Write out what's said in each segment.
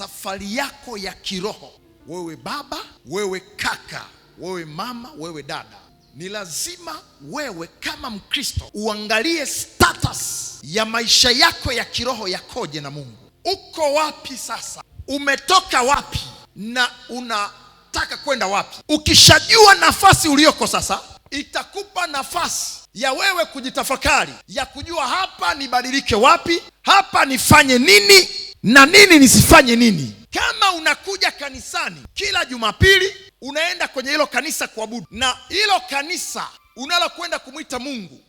safari yako ya kiroho, wewe baba, wewe kaka, wewe mama, wewe dada, ni lazima wewe kama Mkristo uangalie status ya maisha yako ya kiroho yakoje na Mungu. Uko wapi sasa? Umetoka wapi na unataka kwenda wapi? Ukishajua nafasi uliyoko sasa, itakupa nafasi ya wewe kujitafakari, ya kujua hapa nibadilike wapi, hapa nifanye nini na nini nisifanye nini. Kama unakuja kanisani kila Jumapili, unaenda kwenye hilo kanisa kuabudu, na hilo kanisa unalokwenda kumwita Mungu,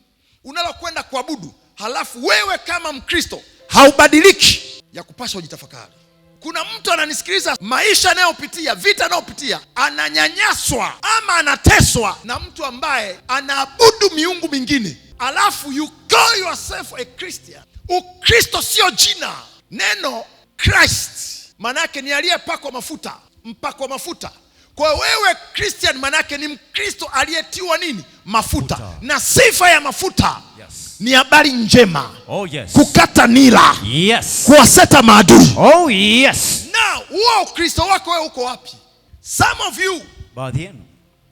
unalokwenda kuabudu, halafu wewe kama Mkristo haubadiliki, ya kupasha ujitafakari. Kuna mtu ananisikiliza, maisha anayopitia, vita anayopitia, ananyanyaswa ama anateswa na mtu ambaye anaabudu miungu mingine, alafu you call yourself a Christian. Ukristo sio jina Neno Christ manake ni aliyepakwa mafuta, mpakwa mafuta. Kwa wewe Christian manake ni Mkristo aliyetiwa nini? Mafuta. Futa. Na sifa ya mafuta yes, ni habari njema. Oh, yes. Kukata nila yes, kuwaseta maadui. Oh, yes. Na huo Ukristo wako wewe uko wapi? Some of you, baadhi yenu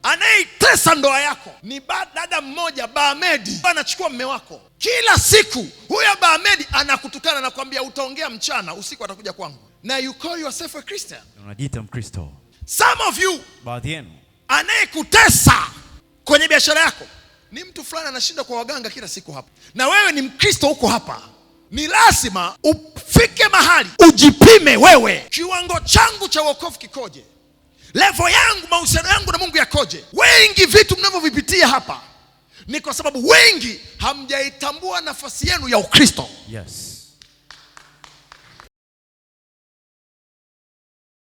Anayeitesa ndoa yako ni dada mmoja Baamedi, anachukua mme wako kila siku. Huyo Baamedi anakutukana na kuambia utaongea mchana, usiku atakuja kwangu, na you call yourself a Christian, unajiita Mkristo. Some of you, baadhi yenu, anayekutesa kwenye biashara yako ni mtu fulani anashinda kwa waganga kila siku hapa, na wewe ni Mkristo huko hapa. Ni lazima ufike mahali ujipime wewe, kiwango changu cha wokovu kikoje? levo yangu, mahusiano yangu na Mungu yakoje? Wengi vitu mnavyovipitia hapa ni kwa sababu wengi hamjaitambua nafasi yenu ya Ukristo. Yes.